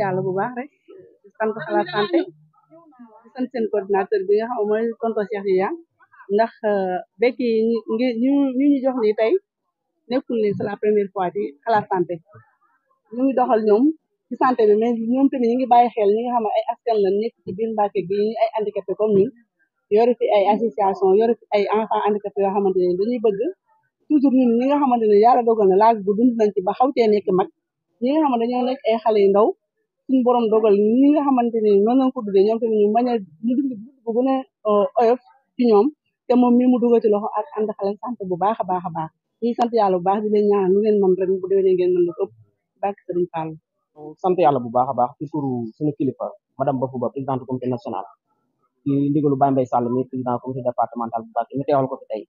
yàlla bu baax rek di sant xalaat santé di sant seen coordinateur bi nga xam mooy tonton Cheikh Tidiane ndax euh, bekki ngi ñu ñu ñu jox ni la première fois ci xalaat santé ñu ngi doxal ñoom ci santé bi mais ñoom tamit ñu ngi bàyyi xel ñi nga xam ne ay askan la nekk ci biir Mbàkke gi ñu ay handicapé comme ñun yore fi ay association yore fi ay enfants handicapé yoo na laaj bu nañ ci ba xaw cee nekk mag ñi nga xam ne dañoo nekk ay xale ndaw suñu borom dogal ñi nga xamante ni noonu ko duddee ñoom tamit ñu bañ a ñu dund na bu gën a euh, oyof ci ñoom te moom mii mu dugal loxo ak ànd xale bu baax a baax a baax ñuy sant yàlla bu baax di leen ñaanal lu ngeen mën ren bu déwénee ngeen mën lu ëpp barke yàlla bu baax a baax ci turu suñu kilifa madame Bafou Ba présidente comité national ci ndigalu Baye Mbaye Sall mi président comité départemental bu Mbacké ñu teewal ko fi tey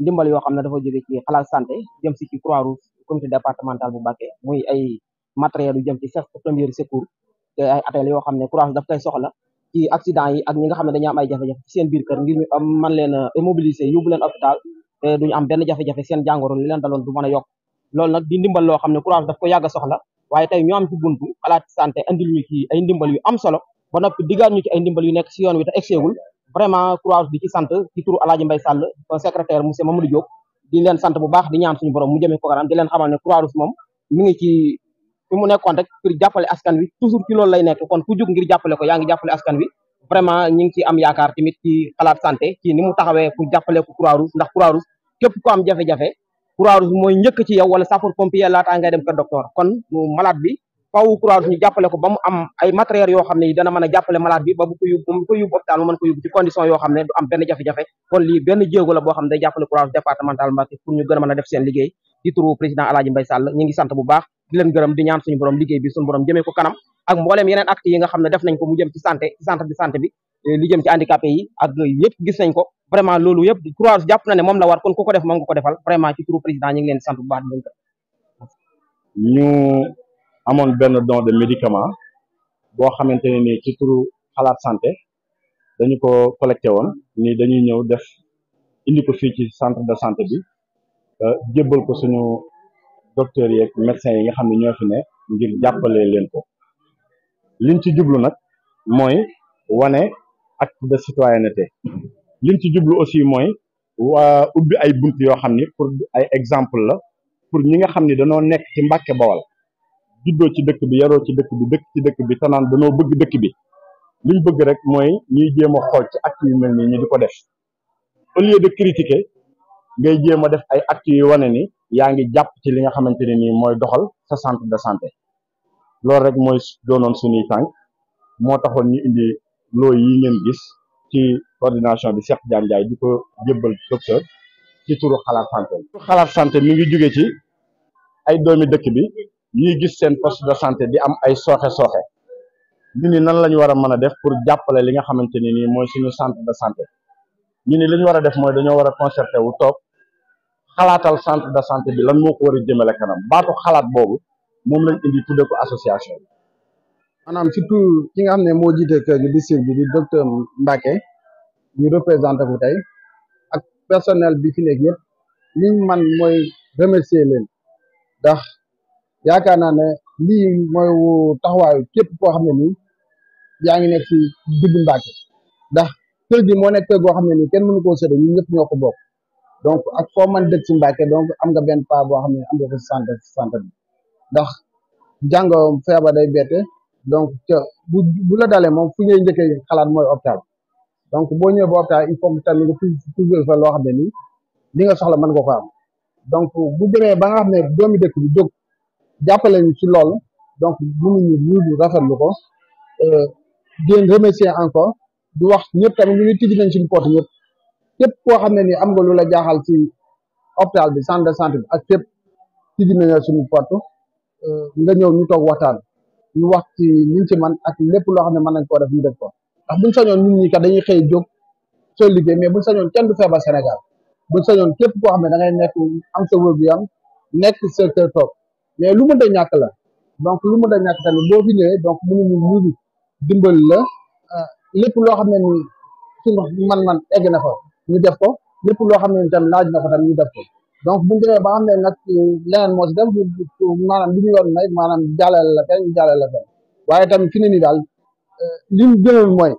ndimbal yoo xam ne dafa jóge ci xalaat santé jëm si ci Croix-Rouge comité départemental bu Mbacké muy ay matériel yu jëm ci chef de premier secours te ay atel ne courage daf koy soxla ne dañu am ay leen a immobiliser yóbbu leen hôpital te duñu benn jafe-jafe seen jàngoro li leen daloon du mën a yokk loolu nag di ndimbal loo xam ne courage daf ko yàgg a soxla waaye tey ñu am ci buntu xalaat santé andil ñu ay ndimbal yu am solo ba noppi diggaat ñu ci ay ndimbal yu nekk si yoon wi te egseegul vraiment courage di ci sant ci turu Alaaji Mbay Sàll secrétaire monsieur Mamadou Diop di leen sant bu baax di ñaan suñu borom mu jëmee ko fi mu nekkoon rek ngir jàppale askan wi toujours ci lay nekk kon ku jug ngir jàppale ko yaa ngi jàppale askan wi vraiment ñu ngi ci am yaakaar tamit ci xalaat santé ci ni mu taxawee pour ko Croix-Rouge ndax Croix-Rouge képp ku am jafe-jafe croix yow wala sapeur pompier laataa ngay dem kër docteur kon malade bi faaw ko ba mu am ay matériel yoo xam ne a jàppale malade bi ba bu ko yoo xam ne du am benn jafe-jafe kon lii pour ñu gën a mën a def seen liggéey ci turu président Aladji Mbaye Sall ñu ngi sant bu baax di leen gërëm di ñaan suñu borom liggéey bi suñu borom jëmee ko kanam ak mbooleem yeneen acte yi nga xam ne def nañ ko mu jëm ci santé ci centre de santé bi eh, li jëm ci handicapé yi ak yëpp gis nañ ko vraiment loolu yëpp Croix-Rouge jàpp na ne moom la war kon ku ko def moom nga ko defal vraiment ci turu président ñu amoon benn don de médicament boo xamante ne ni ci turu xalaat santé dañu ko collecté woon ni dañuy ñëw def indi fi fii ci centre de santé bi eh, jébbal ko suñu docteurs yeeg médecins yi nga xam ne ñoo fi ne ngir jàppale leen ko liñ ci jublu nag mooy wane ak de citoyenneté liñ ci jublu aussi mooy waa ubbi ay bunt yoo xam ni pour ay exemple la pour ñi nga xam ni danoo nekk ci Mbàkke Bawal juddoo ci dëkk bi yaroo ci dëkk bi dëkk ci dëkk bi tanaan danoo bëgg dëkk bi liñ bëgg rek mooy ñuy jéem a xool ci acte yu mel nii ñu di ko def au lieu de critiquer ngay jéem a def ay actes yu wane ni yaa ngi jàpp ci li nga xamante ne nii mooy doxal sa centre de santé loolu rek mooy doonoon suñuy tànk moo taxoon ñu indi loo yi ngeen gis ci ordination bi Cheikh Diagne jaay di ko jëbal docteur ci turu xalaat santé turu mi ngi jóge ci ay doomi dëkk bi ñuy gis seen poste de santé di am ay sooxe-sooxe ñu ni nan la ñu war a mën a def pour jàppale li nga xamante ne nii mooy suñu centre de santé ñu ni lañu ñu war a def mooy dañoo war a concerté wu toog xalaatal centre de santé bi lan moo ko war a jëmale kanam baatu xalaat boobu moom lañ indi tuddee ko association bi. maanaam surtout ki nga xam ne moo jiite kër gi district bi di docteur Mbacke ñu représenté ko tey ak personnel bi ci nekk yëpp liñ man mooy remercier leen ndax yaakaar naa ne lii mooy taxawaayu képp koo xam ne nii yaa ngi nekk ci digg Mbacke ndax kër gi moo nekk kër goo xam ne nii kenn mënu koo séddee ñun ñëpp ñoo ko bokk. donc ak foo man dëkk ci Mbàkke donc am nga benn pas boo xam ne am nga ko santé santé bi ndax jàngoro feebar day bette donc bu bu la dalee moom fu ñuy njëkkee xalaat mooy hôpital donc boo ñëwee ba hôpital il faut que tamit nga toujours fa loo xam ne nii li nga soxla mën ko am donc bu demee ba nga xam ne doomi dëkk bi jóg jàppale ci lool donc mënuñu ñu rafetlu ko euh, di leen remercier encore di wax ñëpp tamit ñu ngi tijji nañ suñu porte yëpp. képp koo xam ne ni am nga lu la jaaxal ci hôpital bi centre de santé bi ak képp tijji nañu suñu porte euh, nga ñëw ñu toog waxtaan ñu wax ci liñ ci man ak lépp loo xam ne mën nañ koo ñu def ko ndax buñ sañoon ñi kat dañuy xëy jóg soo liggéey mais buñ sañoon kenn du feebar Sénégal buñ sañoon képp koo xam ne da nekk am sa wér gu yaram nekk sa kër mais lu mënta ñàkk la donc lu mënta ñàkk tamit boo fi ñëwee donc mënuñu dimbali la euh, lépp loo xam ne ni man-man egg na fa ñu def ko lépp loo xam ne tam laaj na ko tam ñu def ko donc bu ñu demee ba xam ne nag leneen moo si def maanaam li ñu yor nag maanaam la fenn jàllale waaye tam fi ne ni daal euh, li ñu gënoon mooy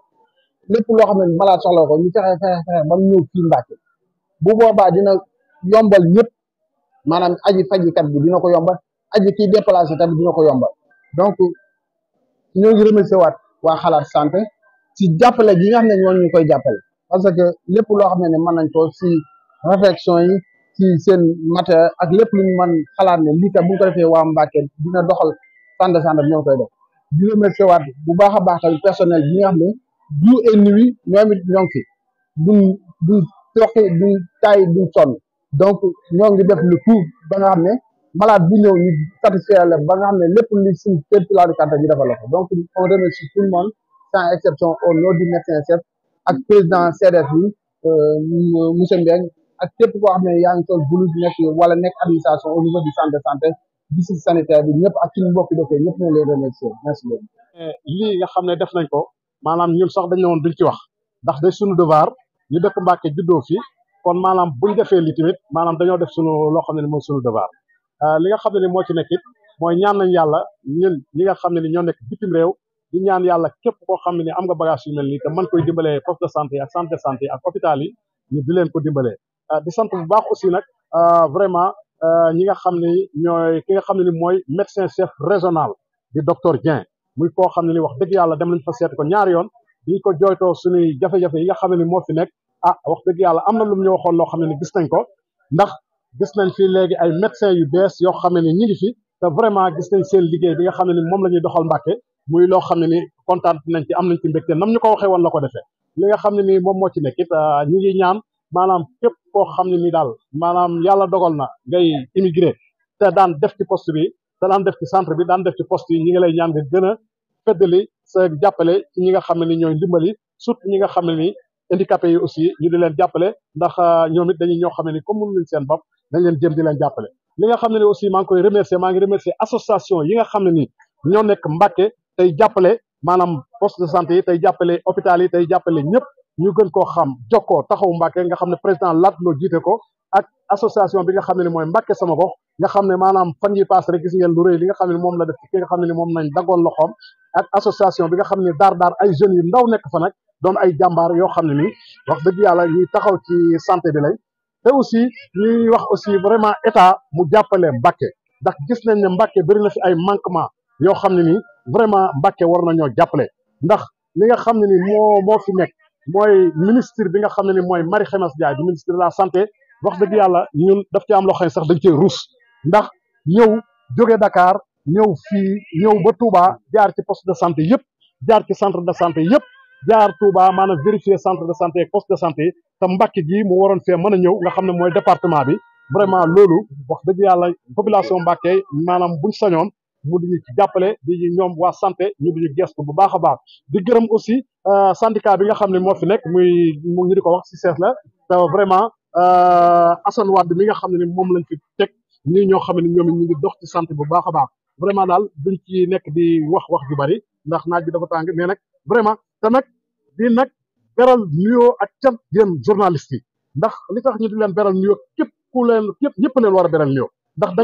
lépp loo xam ne malade soxla ko ñu fexe fexe fexe ba mu ñëw fii Mbàkke bu boobaa dina yombal ñëpp maanaam aji fajikat bi dina ko yombal aji kiy déplacé tamit dina ko yombal donc ñoo ngi remercier waat waa xalaat santé si jàppale gi nga xam ne ñoo ñu koy jàppale parce que lépp loo xam ne ne mën nañ ko si réflexion yi ci seen matériel ak lépp lu man xalaat ne lii kat bu ñu ko defee waa Mbàkke dina doxal Sande Sande ñoo koy def bu baax a baax tamit personnel bi nga xam ne jour et nuit ñoom it ñoo ngi fi duñ duñ toqi donc ñoo ngi def lu tout ba nga xam ne malade bu ñëw ñu satisfaire la ba nga xam ne lépp li suñ képp laa ñu defal la ko donc on remercie tout le monde sans exception au nom du médecin chef ak président CDS bi euh, monsieur Mbengue ak képp koo xam ne yaa ngi sol blouse nekk wala nekk administration au niveau du de santé district bi ñëpp ak suñu mbokki dëkk ñëpp ñu ngi lay remercier merci beaucoup. Eh, lii nga xam ne def nañ ko maanaam ñun sax dañ ne woon duñ ci wax ndax day suñu devoir ñu dëkk Mbàkke juddoo fi kon maanaam buñ defee li tamit maanaam dañoo def suñu loo xam ne mooy suñu devoir euh, li nga xam ne moo ci nekk mooy ñaan nañ yàlla ñun ñi nga xam ne ni ñoo nekk bitim réew. di ñaan yàlla képp koo xam ne am nga bagage yu mel nii te mën koy dimbalee poste de santé ak centre de santé ak hôpital yi ñu di leen ko dimbalee ah, di sant bu baax aussi nag ah, vraiment ah, ñi nga xam ne ñooy ki nga xam ne ni mooy médecin chef régional di docteur Dieng muy koo xam ne ni wax dëgg yàlla dem nañ fa seet ko ñaari yoon di ko jooytoo suñuy jafe-jafe yi nga xam ne ni moo fi nekk ah wax dëgg yàlla am na lu mu ñu loo xam ne ni gis nañ ko ndax gis nañ fi léegi ay médecins yu bees yoo xam ne ni ngi fi te vraiment nañ seen liggéey bi nga xam ne ni moom la ñuy doxal Mbàkke muy loo xam ne ni kontaan nañ ci am nañ ci mbégte nam ñu ko waxee woon la ko defee li nga xam ne nii moom moo ci nekk it ah, ñu ngi ñaan maanaam képp koo xam ne ni daal maanaam yàlla dogal na ngay te daan def ci poste bi te daan def ci bi daan def ci poste yi ñi ngi lay ñaan nga gën a jàppale ñi nga xam ne ni ñooy ndimbali surtout ñi nga xam ne ni handicapé yi aussi ñu di leen jàppale ndax ah, ñoom it dañuy ñoo xam ne ni comme seen bopp dañ leen jëm di leen jàppale li nga xam maa ngi koy remercier yi nga xam ne ni ñoo nekk Mbàkke tey jàppale maanaam poste de santé yi tey jàppale hôpital yi tey jàppale ñëpp ñu gën koo xam jokkoo taxawu Mbàkke nga xam ne président Latlo jiite ko ak association bi nga xam ne mooy Mbàkke sama gox nga xam ne maanaam fan yi paas gis ngeen lu li nga xam ne moom la def ki xam ne moom nañ dagoon loxoom ak association bi nga xam ne daar daar ay jeunes yu ndaw nekk fa nag doon ay jàmbaar yoo xam ne nii wax dëgg yàlla ñuy taxaw ci santé bi lay te aussi ñuy wax aussi vraiment état mu jàppale Mbàkke ndax gis nañ ne Mbàkke bëri na fi ay manquement yoo xam ne nii vraiment Mbacke war ñoo jàppale ndax li nga xam ne ni moo moo fi nekk mooy ministre bi nga xam ne ni mooy Marie Khemesse Ndiaye du ministre de la santé wax dëgg yàlla ñun daf ci am loo xam sax dañ cee ruus ndax ñëw jóge Dakar ñëw fii ñëw ba Touba jaar ci poste de santé yëpp jaar ci centre de santé yëpp jaar Touba maanaam vérifier centre de santé ak poste de santé te Mbacke gii mu waroon fee mën a ñëw nga xam ne mooy département bi vraiment loolu wax dëgg yàlla population Mbacke maanaam buñ sañoon mu di ñu jàppale di ñoom waa santé ñu di ñu gestu bu baax a baax di gërëm aussi euh, syndicat bi nga xam ne moo fi nekk muy mu di ko wax si sees la te vraiment euh, assan Wade mi nga xam ne moom lañ fi teg ñi ñoo xam ne ñoom ñu ngi dox ci santé bu baax a baax vraiment daal duñ ci nekk di wax wax ju bari ndax naaj bi dafa tàng mais nag vraiment te nag di nag beral nuyoo ak cant yéen journaliste yi ndax li tax ñu di leen beral nuyoo képp ku leen képp ñëpp leen war a beral nuyoo ndax da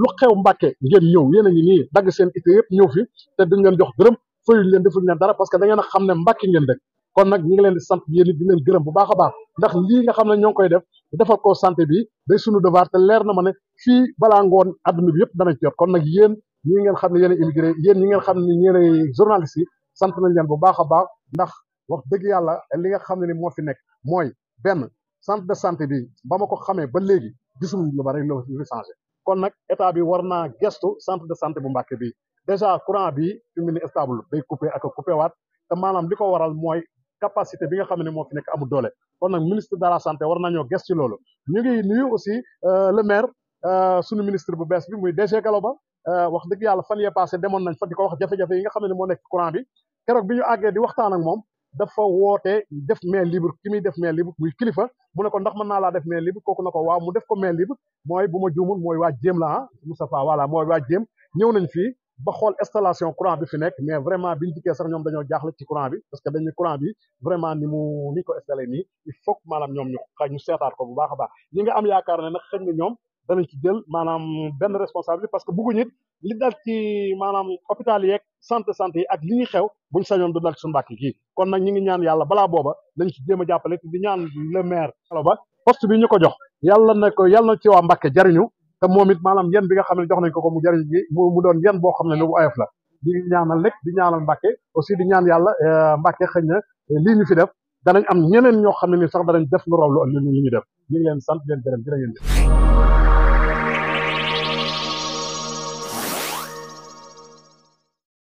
lu xew Mbàkke ngeen ñëw yéen a ngi nii dagg seen ité yëpp ñëw fi te duñ leen jox dërëm fayuñ leen defuñ leen dara parce que da ngeen a xam ne Mbàkke ngeen dëkk kon nag ñi ngi leen di sant yéen it di gërëm bu baax a baax lii nga xam ne ñoo ngi koy def defal ko santé bi day sunu devoir leer na ma ne fii balaa ngoon adduna yëpp danañ ci jot nag yéen ñi ngeen xam ne yeneen a immigré yéen ñi ngeen xam ne yéen ay journalistes yi sant nañ leen bu baax a baax ndax wax dëgg yàlla li nga xam ne ni moo fi nekk mooy benn centre de santé bi ba ma ko xamee ba léegi gisum lu bari lu changé kon nag état bi war naa gestu centre de santé bu Mbàkke bi déjà courant bi fi mu ne stable day coupé ak a coupé waat te maanaam li ko waral mooy capacité bi nga xam ne moo fi nekk amu doole kon nag ministre de la santé war nañoo gestu ci loolu ñu ngi nuyu aussi euh, le maire euh, sunu ministre bu bees bi muy DG Galoba euh, wax dëgg yàlla fan yee passé demoon nañ fa di ko wax jafe-jafe yi nga xam ne moo nekk courant bi keroog bi ñu àggee di waxtaan ak moom dafa woote def main libre ki muy def main libre muy kilifa mu ne ko ndax mën naa laa def main libre kooku na ko wa mu def ko main libre mooy bu ma juumul mooy waa jéem la ah Moustapha voilà mooy waa jëm ñëw nañ fi ba xool installation courant bi fi nekk mais vraiment bi dikkee sax ñoom dañoo jaaxle ci courant bi parce que dañu courant bi vraiment ni mu ni ko installé nii il faut que maanaam ñoom ñu xa ñu seetaat ko bu baax a baax ñi nga am yaakaar ne na xëy na ñoom danañ ci jël maanaam benn responsabilité parce que bëgguñu it li dal ci maanaam hôpital yeeg santé santé yi ak li ñuy xew buñ sañoon du dal ci su mbàkk yi kon nag ñi ngi ñaan yàlla balaa booba nañ ci jéem a jàppale di ñaan le maire Thiénaba poste bi ñu ko jox yàlla na ko yàlla na ci waa Mbàkke jariñu te moom it maanaam yéen bi nga xam ne jox nañ ko ko mu jariñ bi mu doon yéen boo xam ne lu oyof la ñaan na rek di ñaanal Mbàkke aussi di ñaan yàlla euh, Mbàkke xëy na lii ñu fi def danañ am ñeneen ñoo xam ne ni sax danañ def lu raw lu ñu def ñu ngi leen